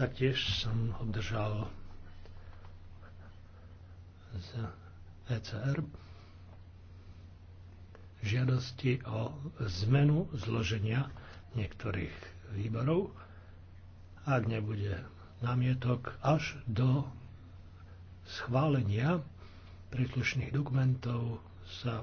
Taktiež som obdržal z ECR žiadosti o zmenu zloženia niektorých výborov, ak nebude námietok až do schválenia príslušných dokumentov sa